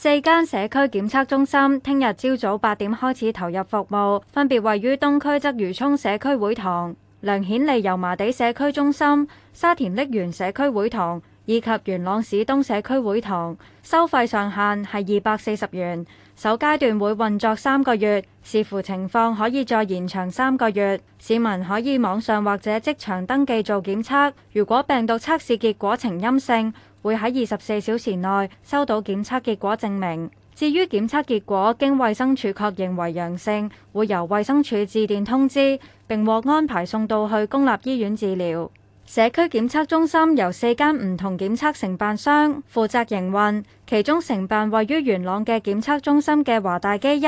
四間社區檢測中心聽日朝早八點開始投入服務，分別位於東區鰂魚涌社區會堂、梁顯利油麻地社區中心、沙田瀝源社區會堂。以及元朗市東社區會堂，收費上限係二百四十元，首階段會運作三個月，視乎情況可以再延長三個月。市民可以網上或者即場登記做檢測，如果病毒測試結果呈陰性，會喺二十四小時內收到檢測結果證明。至於檢測結果經衛生署確認為陽性，會由衛生署致電通知，並獲安排送到去公立醫院治療。社區檢測中心由四間唔同檢測承辦商負責營運。其中承辦位於元朗嘅檢測中心嘅華大基因，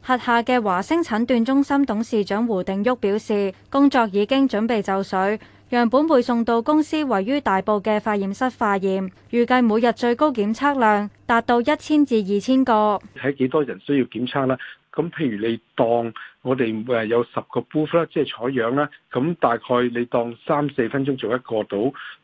轄下嘅華星診斷中心董事長胡定旭表示，工作已經準備就緒，樣本會送到公司位於大埔嘅化驗室化驗，預計每日最高檢測量達到一千至二千個，睇幾多人需要檢測啦？咁譬如你當我哋誒有十個 booth 啦，即係採樣啦，咁大概你當三四分鐘做一個到，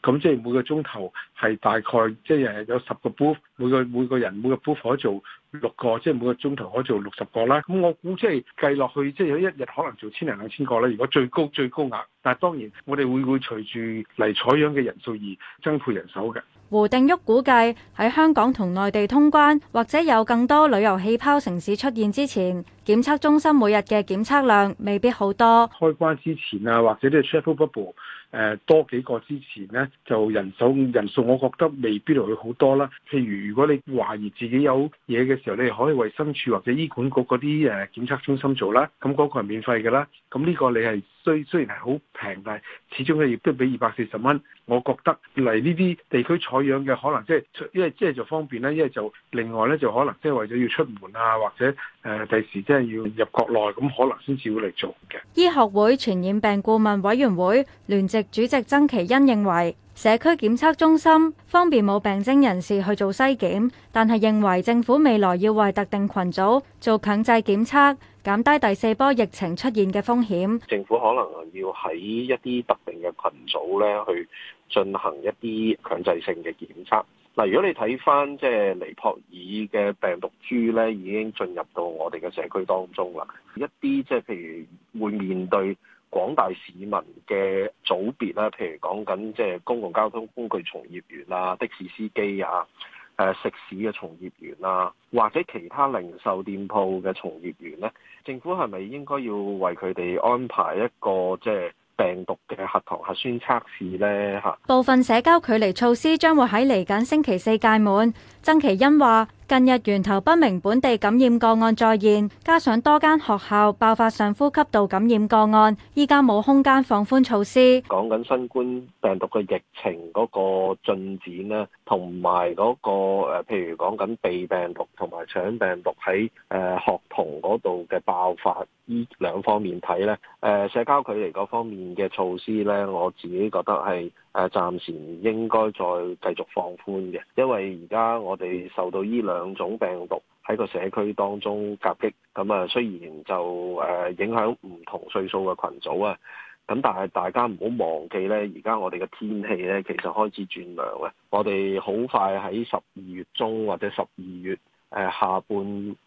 咁即係每個鐘頭係大概即係、就是、有十個 booth 每個。佢每個人每個鋪房做。六個即係每個鐘頭可以做六十個啦，咁我估即係計落去即係有一日可能做千零兩千個啦。如果最高最高額，但係當然我哋會會隨住嚟採樣嘅人數而增配人手嘅。胡定旭估計喺香港同內地通關或者有更多旅遊氣泡城市出現之前，檢測中心每日嘅檢測量未必好多。開關之前啊，或者啲 travel bubble 誒多幾個之前呢，就人手人數，我覺得未必嚟去好多啦。譬如如果你懷疑自己有嘢嘅時候你可以衛生署或者醫管局嗰啲誒檢測中心做啦，咁嗰個係免費嘅啦，咁呢個你係雖雖然係好平，但係始終都亦都俾二百四十蚊。我覺得嚟呢啲地區採樣嘅可能即係一係即係就方便啦，一係就另外咧就可能即係為咗要出門啊，或者誒第時即係要入國內，咁可能先至會嚟做嘅。醫學會傳染病顧問委員會聯席主席曾祈殷認為。社區檢測中心方便冇病徵人士去做篩檢，但係認為政府未來要為特定群組做強制檢測，減低第四波疫情出現嘅風險。政府可能要喺一啲特定嘅群組咧去進行一啲強制性嘅檢測。嗱，如果你睇返即係尼泊爾嘅病毒株咧，已經進入到我哋嘅社區當中啦。一啲即係譬如會面對廣大市民嘅組別啦，譬如講緊即係公共交通工具從業員啊、的士司機啊、誒食肆嘅從業員啊，或者其他零售店鋪嘅從業員咧，政府係咪應該要為佢哋安排一個即係病毒嘅核糖核酸測試咧？吓，部分社交距離措施將會喺嚟緊星期四屆滿，曾祈殷話。近日源頭不明本地感染個案再現，加上多間學校爆發上呼吸道感染個案，依家冇空間放寬措施。講緊新冠病毒嘅疫情嗰個進展咧，同埋嗰個誒，譬如講緊鼻病毒同埋腸病毒喺誒學童嗰度嘅爆發，呢兩方面睇咧，誒社交距離嗰方面嘅措施咧，我自己覺得係誒暫時應該再繼續放寬嘅，因為而家我哋受到依兩。兩種病毒喺個社區當中夾擊，咁啊雖然就誒影響唔同歲數嘅群組啊，咁但係大家唔好忘記咧，而家我哋嘅天氣咧其實開始轉涼啦，我哋好快喺十二月中或者十二月。誒下半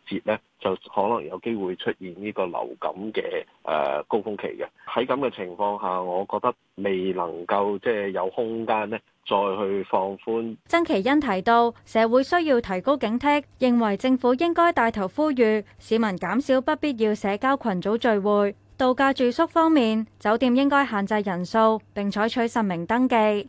節咧，就可能有機會出現呢個流感嘅誒高峯期嘅。喺咁嘅情況下，我覺得未能夠即係有空間咧，再去放寬。曾祈殷提到，社會需要提高警惕，認為政府應該帶頭呼籲市民減少不必要社交群組聚會。度假住宿方面，酒店應該限制人數並採取實名登記。